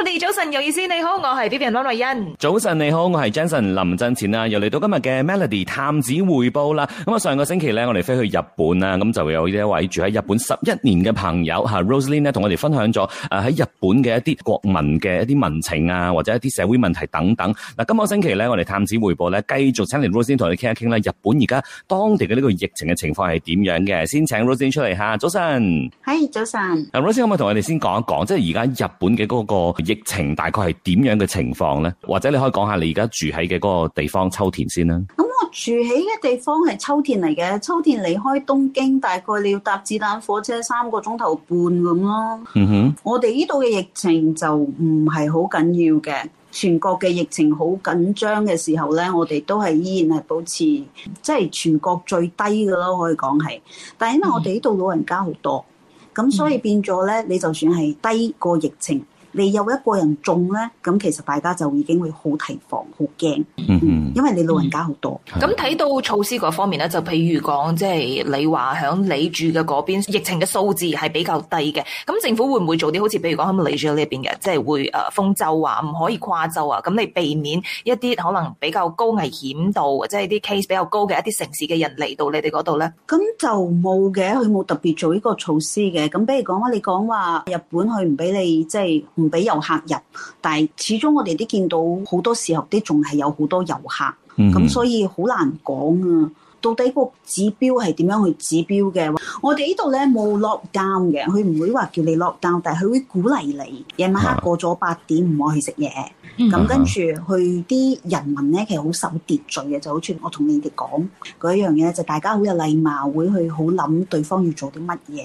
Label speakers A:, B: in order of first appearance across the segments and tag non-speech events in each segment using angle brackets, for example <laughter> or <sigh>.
A: 我哋早晨，有意思，你好，我係 B B 人溫麗
B: 欣。早晨你好，我係 Jason 林振前啊，又嚟到今日嘅 Melody 探子回報啦。咁啊，上個星期咧，我哋飛去日本啊，咁就有一位住喺日本十一年嘅朋友吓，Roslyn 咧，同我哋分享咗誒喺日本嘅一啲國民嘅一啲民情啊，或者一啲社會問題等等。嗱，今個星期咧，我哋探子回報咧，繼續請嚟 Roslyn 同你傾一傾啦。日本而家當地嘅呢個疫情嘅情況係點樣嘅？先請 Roslyn 出嚟吓，早晨。係
C: 早
B: 晨。阿 Roslyn，可唔可以同我哋先講一講，即係而家日本嘅嗰個？疫情大概係點樣嘅情況呢？或者你可以講下你而家住喺嘅嗰個地方秋田先啦。咁
C: 我住喺嘅地方係秋田嚟嘅，秋田離開東京大概你要搭子彈火車三個鐘頭半咁咯。嗯、哼，我哋呢度嘅疫情就唔係好緊要嘅，全國嘅疫情好緊張嘅時候呢，我哋都係依然係保持即係全國最低嘅咯，可以講係。但係因為我哋呢度老人家好多，咁、嗯、哼所以變咗呢，你就算係低過疫情。你有一
A: 個人中咧，咁其實大家就已經會好提防、好驚，
C: <laughs> 因為
A: 你老人家好多。咁睇到措施嗰方面咧，就譬如講，即係你話響你住嘅嗰邊疫情嘅數字係比較低嘅。咁政府會唔會做啲好似譬如講響你住喺呢邊嘅，即係會誒封州啊，唔可以跨州啊？咁你避免一啲可能比較高危險度或者係啲 case 比較高嘅一啲城市嘅人嚟到你哋嗰度咧？咁就冇嘅，佢冇
C: 特別做呢個措施嘅。咁比如講，你講話日本佢唔俾你即係。就是俾遊客入，但係始終我哋都見到好多時候啲仲係有好多遊客，咁所以好難講啊。到底個指標係點樣去指標嘅？我哋呢度咧冇 lock down 嘅，佢唔會話叫你 lock down，但係佢會鼓勵你夜晚黑過咗八點唔可、啊、去食嘢。咁、嗯、跟住去啲人民咧，其實好守秩序嘅，就好似我同你哋講嗰一樣嘢就大家好有禮貌，會去好諗對方要做啲乜嘢。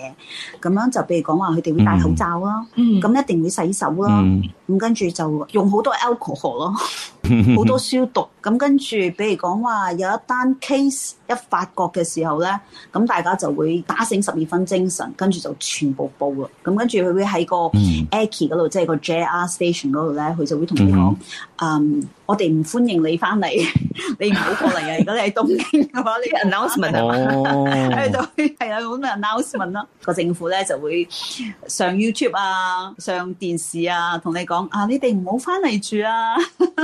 C: 咁樣就譬如講話佢哋會戴口罩啦，咁、嗯、一定會洗手啦。咁、嗯、跟住就用好多 alcohol 咯。好 <noise> 多消毒，咁跟住，比如講話有一單 case 一發覺嘅時候咧，咁大家就會打醒十二分精神，跟住就全部報啦。咁跟住佢會喺個 air 嗰度，即係個 JR station 嗰度咧，佢就會同你講：嗯，um，我哋唔歡迎你翻嚟，你唔好過嚟啊！如果你喺東京嘅話， <laughs> 你
A: announcement 啊、oh. <laughs> <laughs> 喺度
C: 係啊，好多人 announcement 啦，個 <laughs> 政府咧就會上 YouTube 啊，上電視啊，同你
A: 講：啊，你哋唔好翻嚟住啊！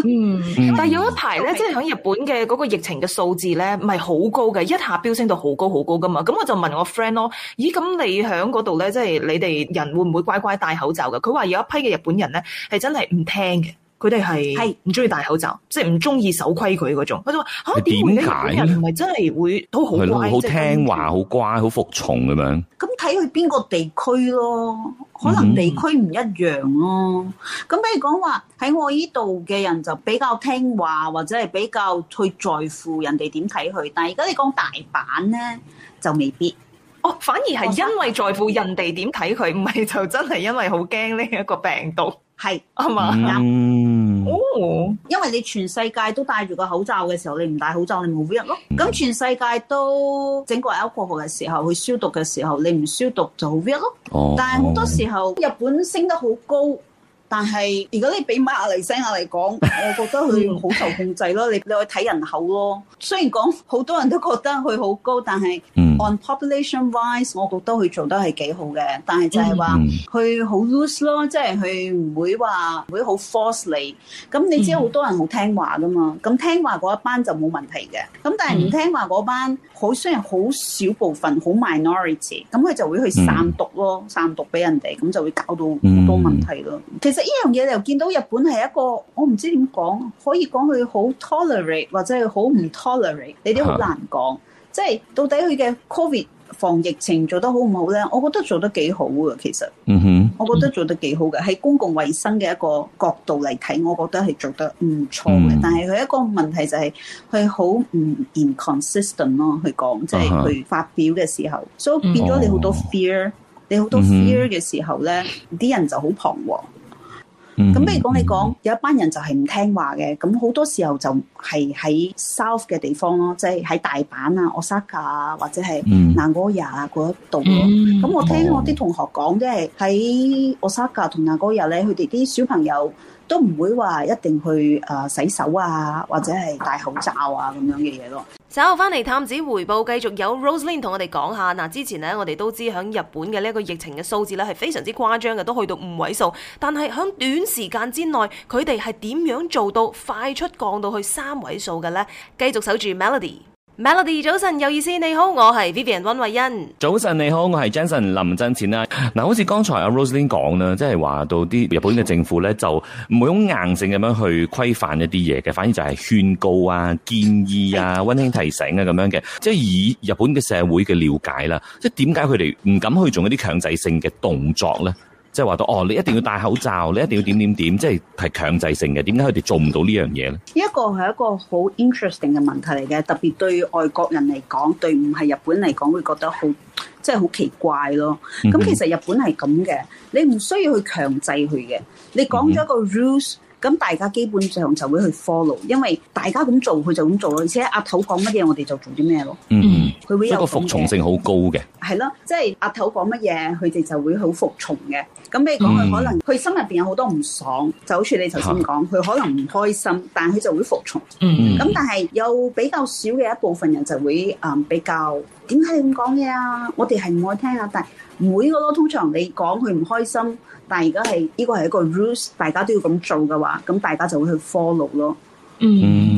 A: <laughs> 嗯、但係有一排咧，嗯、即係喺日本嘅嗰個疫情嘅數字咧，唔係好高嘅，一下飆升到好高好高噶嘛。咁我就問我 friend 咯，咦咁你喺嗰度咧，即係你哋人會唔會乖乖戴口罩嘅？佢話有一批嘅日本人咧，係真係唔聽嘅。佢哋係係唔鍾意戴口罩，是即係唔鍾意守規矩嗰種。佢就話嚇，點解咧？人唔係真係會都好乖，好聽話、
B: 好乖是、好服從咁樣。
C: 咁睇佢邊個地區咯，可能地區唔一樣咯。咁、嗯嗯、比如講話喺我依度嘅人就比較聽話，或者係比較去在
A: 乎人哋點睇佢。但係而家你講大阪咧，就未必。哦，反而係因為在乎人哋點睇佢，唔係 <laughs> 就真係因為好驚呢一個病毒。係，係
B: 嘛？ <noise>
A: <noise> 因為你全世界都戴住個口罩嘅時候，你唔
C: 戴口罩你冇 if 咯。咁 <noise> 全世界都整個 air purifier 嘅時候，去消毒嘅時候，你唔消毒就好 if 咯。 <noise> 但係好多時候，日本升得好高。但係，如果你比馬來西亞嚟講， <laughs> 我覺得佢好受控制咯。你你可以睇人口咯。雖然講好多人都覺得佢好高，但係 on、嗯、population wise，我覺得佢做得係幾好嘅。但係就係話佢好 lose 咯，即係佢唔會話會好 force 你。咁你知好多人好聽話噶嘛？咁聽話嗰一班就冇問題嘅。咁但係唔聽話嗰班，好雖然好少部分好 minority，咁佢就會去散毒咯，散毒俾人哋，咁就會搞到好多問題咯。嗯、其實。呢樣嘢你又見到日本係一個，我唔知點講，可以講佢好 tolerate 或者係好唔 tolerate，你啲好難講。的即係到底佢嘅 covid 防疫情做得好唔好咧？我覺得做得幾好啊，其實。嗯哼。我覺得做得幾好嘅，喺、嗯、公共衞生嘅一個角度嚟睇，我覺得係做得唔錯嘅。但係佢一個問題就係、是、佢好唔 inconsistent 咯，去講即係佢發表嘅時候，所以、嗯哼 so, 變咗你好多 fear，、嗯、哼你好多 fear 嘅時候咧，啲人就好彷徨。咁譬如講你講有一班人就係唔聽話嘅，咁好多時候就係喺 South 嘅地方咯，即係喺大阪啊、Osaka 啊或者係 Nagoya 嗰一度咯。咁我聽我啲同學講即係喺 Osaka 同 Nagoya 咧，佢哋啲小朋友都唔會話一定去誒洗手啊，或者係戴口罩啊咁樣嘅嘢咯。
A: 稍後返嚟探子回報，繼續有 Roselyn 同我哋講下。嗱，之前咧我哋都知響日本嘅呢一個疫情嘅數字咧係非常之誇張嘅，都去到五位數。但係響短時間之內，佢哋係點樣做到快速降到去三位數嘅咧？繼續守住 Melody。Melody 早晨，有意思，你好，我係 Vivian 溫慧欣。
B: 早晨你好，我係 Jason 林振錢啦。嗱，好似剛才阿 Roslyn 講啦，即係話到啲日本嘅政府咧，就唔會用硬性咁樣去規範一啲嘢嘅，反而就係勸告啊、建議啊、溫馨提醒啊咁樣嘅。即係以日本嘅社會嘅了解啦，即係點解佢哋唔敢去做一啲強制性嘅動作咧？即係話到，哦，你一定要戴口罩，你一定要點點點，即係係強制性嘅。點解佢哋做唔到呢樣嘢咧？
C: 呢一個係一個好 interesting 嘅問題嚟嘅，特別對外國人嚟講，對唔係日本嚟講，會覺得好即係好奇怪咯。咁、嗯、其實日本係咁嘅，你唔需要去強制佢嘅，你講咗個 rules、嗯。咁大家基本上就會去 follow，因為大家咁做，佢就咁做，就做咯。而且阿頭講乜嘢，我哋就做啲咩咯。嗯，佢
B: 會有一個、嗯、服從性好高嘅。
C: 係咯，即係阿頭講乜嘢，佢哋就，就會好服從嘅。咁譬如講，佢可能佢、嗯、心入邊有好多唔爽，就好似你頭先講，佢、嗯、可能唔開心，但係佢就會服從。嗯嗯。咁、嗯、但係有比較少嘅一部分人就會誒比較。點解你咁講嘢啊？我哋係唔愛聽啊，但每個咯，通常你講佢唔開心，但係而家係呢個係一個 rules，大家
A: 都要咁做嘅話，咁大家就會去 follow 咯。嗯。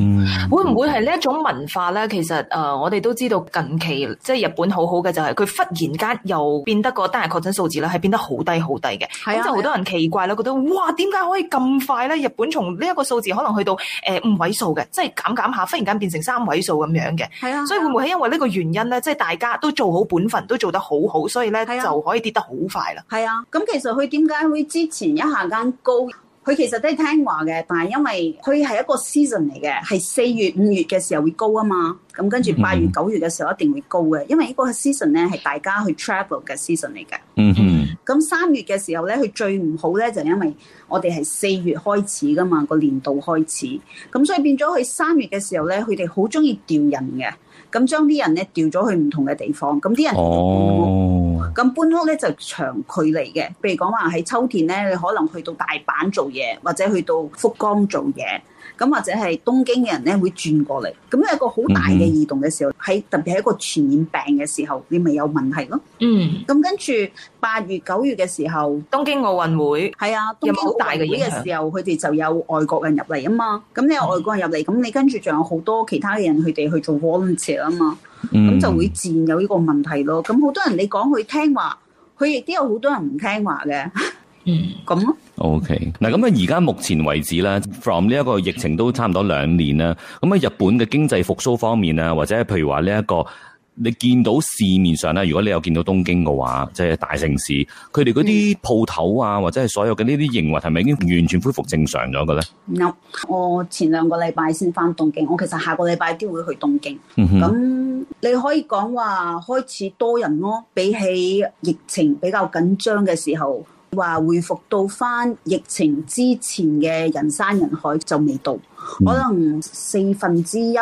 A: 會唔會係呢一種文化呢？其實誒、呃，我哋都知道近期即係日本好好嘅，就是，就係佢忽然間又變得個單日確診數字咧，係變得好低好低嘅。咁、啊、就好多人奇怪啦，覺得哇，點解可以咁快呢？日本從呢一個數字可能去到誒五、呃、位數嘅，即係減減下，忽然間變成三位數咁樣嘅。係啊，所以會唔會係因為呢個原因呢？即係、啊、大家都做好本分，都做得好好，所以呢、啊、就可以跌得好快啦。係啊，咁其實佢點解會之前一下間高？ <music>
C: 佢其實都係聽話嘅，但係因為佢係一個 season 嚟嘅，係四月五月嘅時候會高啊嘛，咁跟住八月九月嘅時候一定會高嘅，因為呢個 season 咧係大家去 travel 嘅 season 嚟嘅。嗯嗯哼。咁三月嘅時候咧，佢最唔好咧就係因為我哋係四月開始噶嘛，個年度開始，咁所以變咗佢三月嘅時候咧，佢哋好中意調人嘅。咁將啲人咧調咗去唔同嘅地方，咁啲人哦，咁搬屋咧就、oh. 長距離嘅，譬如講話喺秋田咧，你可能去到大阪做嘢，或者去到福岡做嘢。咁或者係東京嘅人咧會轉過嚟，咁有一個好大嘅移動嘅時候，喺、mm hmm. 特別係一個傳染病嘅時候，你咪有問題咯。嗯、mm，咁、hmm. 跟住八月九月嘅時候，東京奧運會係啊、嗯，又冇大嘅影響嘅時候佢哋就有外國人入嚟啊嘛，咁你有外國人入嚟，咁你跟住仲有好多其他嘅人佢哋去做 volunteer 啊嘛，咁就會自然有呢個問題咯。咁好、mm hmm. 多人你講佢聽話，佢亦都有好多人唔聽話嘅。 <laughs> 嗯，咁
B: OK 嗱。咁啊，而家目前為止啦，from 呢一個疫情都差唔多兩年啦。咁啊，日本嘅經濟復甦方面啊，或者譬如話呢一個你見到市面上咧，如果你有見到東京嘅話，即係大城市，佢哋嗰啲鋪頭啊，或者係所有嘅呢啲營運，係咪已經完全恢復正常咗嘅咧？
C: 有、no. 我前兩個禮拜先翻東京，我其實下個禮拜都會去東京。咁、嗯、哼。你可以講話開始多人咯，比起疫情比較緊張嘅時候。話回復到翻疫情之前嘅人山人海就未到，嗯，可能四分之一。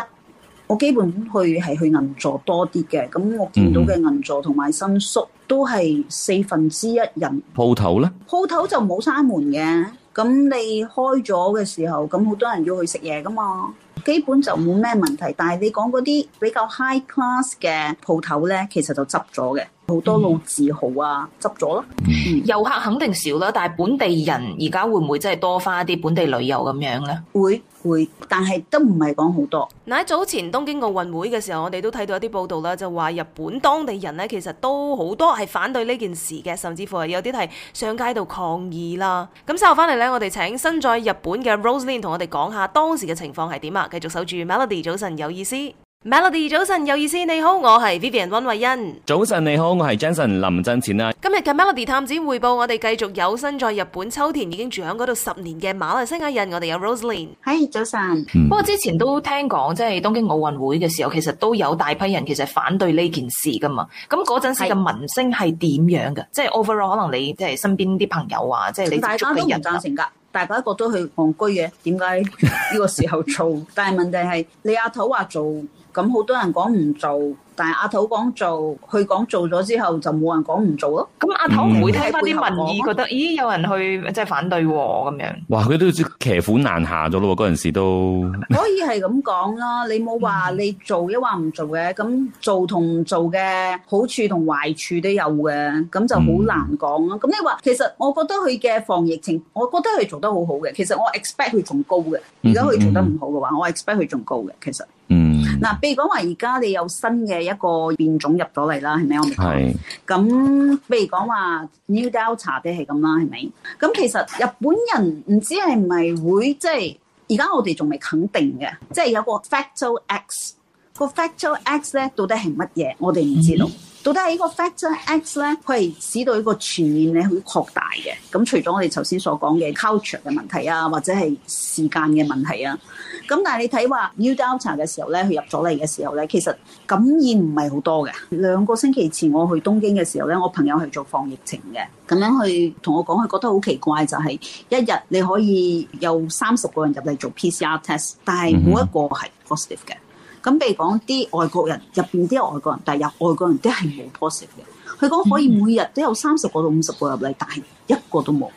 C: 我基本去係去銀座多啲嘅，咁我見到嘅銀座同埋新宿都係四分之一人。鋪頭呢？鋪頭就冇閂門嘅，咁你開咗嘅時候，咁好多人要去食嘢噶嘛，基本就冇咩問題。但係你講嗰啲比較 high class 嘅鋪頭呢，其實就執咗嘅。好多老字
A: 號啊，執咗咯。嗯，遊客肯定少啦，但係本地人而家會唔會真係多翻啲本地旅遊咁樣呢？會會，但係都唔係講好多。嗱喺早前東京奧運會嘅時候，我哋都睇到一啲報道啦，就話日本當地人呢，其實都好多係反對呢件事嘅，甚至乎係有啲係上街度抗議啦。咁稍後翻嚟呢，我哋請身在日本嘅 Rose Lynn 同我哋講下當時嘅情況係點啊？繼續守住 Melody，早晨有意思。Melody 早晨，有意思。你好，我係 Vivian 溫慧欣。
B: 早晨你好，我係 Jason 林振前啊。
A: 今日嘅 Melody 探子回報，我哋繼續有身在日本秋田已經住喺嗰度十年嘅馬來西亞人，我哋有 Roslyn。係早晨，嗯、不過之前都聽講，即係東京奧運會嘅時候，其實都有大批人其實反對呢件事噶嘛。咁嗰陣時嘅民聲係點樣嘅？是即係 overall，可能你即係身邊啲朋友啊，即係你周圍人啊，大家都唔贊成噶，大家覺得去戇居嘅，點解呢個時候做？ <laughs> 但係問題係你阿頭話做。
C: 咁好多人講唔做，但係阿頭講做，佢講做咗之後就冇人講
A: 唔做咯。咁阿頭唔會聽翻啲民意，覺得咦有人去即係反對喎咁樣。
B: 哇！佢都騎虎難下咗咯，嗰陣時都
A: 可以係咁講啦。你冇話
C: 你做又話唔做嘅，咁做同唔做嘅好處同壞處都有嘅，咁就好難講啦。咁你話其實我覺得佢嘅防疫情，我覺得佢做得好好嘅。其實我 expect 佢仲高嘅。如果佢做得唔好嘅話，我 expect 佢仲高嘅。其實嗯。嗱，譬如講話而家你有新嘅一個變種入咗嚟啦，係咪？我明。係。咁譬如講話 New Delta 咧係咁啦，係咪？咁其實日本人唔知係咪會即係，而家我哋仲未肯定嘅，即係有個 Factor X，個 Factor X 咧到底係乜嘢？我哋唔知道。嗯到底係呢個 factor X 咧，佢係使到呢個全面咧去擴大嘅。咁除咗我哋頭先所講嘅 culture 嘅問題啊，或者係時間嘅問題啊。咁但係你睇話 New Delta 嘅時候咧，佢入咗嚟嘅時候咧，其實感染唔係好多嘅。兩個星期前我去東京嘅時候咧，我朋友係做防疫情嘅，咁樣佢同我講，佢覺得好奇怪就係、是、一日你可以有三十個人入嚟做 PCR test，但係冇一個係 positive 嘅、嗯。咁譬如講啲外國人入邊啲外國人，但係入外國人都係冇多食嘅。佢講可以
A: 每日都有三十個到五十個入嚟，但係一個都冇。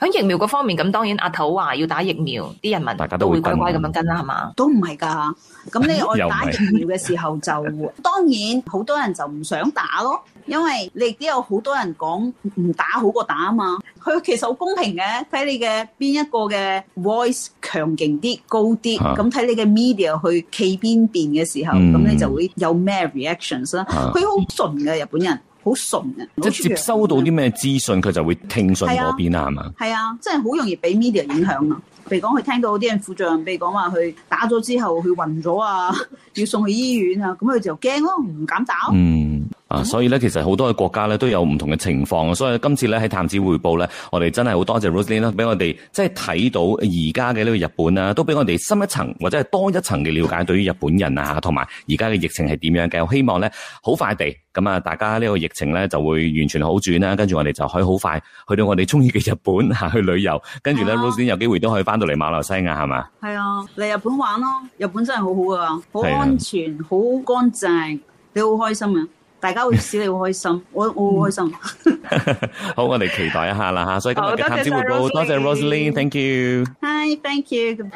A: 喺疫苗嗰方面，咁當然阿頭話要打疫苗，啲人民大家都會乖乖咁樣跟啦，係嘛？都唔係㗎，咁你我打
C: 疫苗嘅時候就 <laughs> 當然好多人就唔想打咯，因為你亦都有好多人講唔打好過打啊嘛。佢其實好公平嘅，睇你嘅邊一個嘅 voice 強勁啲高啲，咁睇、啊、你嘅 media 去企邊邊嘅時候，咁、嗯、你就會有咩 reactions 啦。佢好、啊啊、純嘅日本人。好純啊！即係接收
B: 到啲咩資訊，佢就會聽信嗰邊啦，係嘛、啊？
C: 係嗎啊，真係好容易俾 media 影響啊！譬如講，佢聽到啲人副仗，譬如講話佢打咗之後佢暈咗啊，要送去醫院啊，咁佢就驚咯，唔敢打、啊。嗯。
B: 啊，所以咧，其實好多嘅國家咧都有唔同嘅情況。所以今次咧喺探子回報咧，我哋真係好多謝 Roslyn 咧，俾我哋即係睇到而家嘅呢個日本啦、啊，都俾我哋深一層或者係多一層嘅了解對於日本人啊，同埋而家嘅疫情係點樣嘅。我希望咧好快地咁啊，大家呢個疫情咧就會完全好轉啦、啊。跟住我哋就可以好快去到我哋中意嘅日本嚇、啊、去旅遊。跟住咧 Roslyn 有機會都可以返到嚟馬來西亞，係嘛？係啊，嚟日本玩
C: 咯！日本真係好好啊，好安全，好乾淨，你好開心啊！大家會笑得好開心，我我開心。
B: 好，我哋期待一下啦嚇，所以今日嘅探子回報，多謝 Rosaline，Thank you。
C: Hi，Thank you。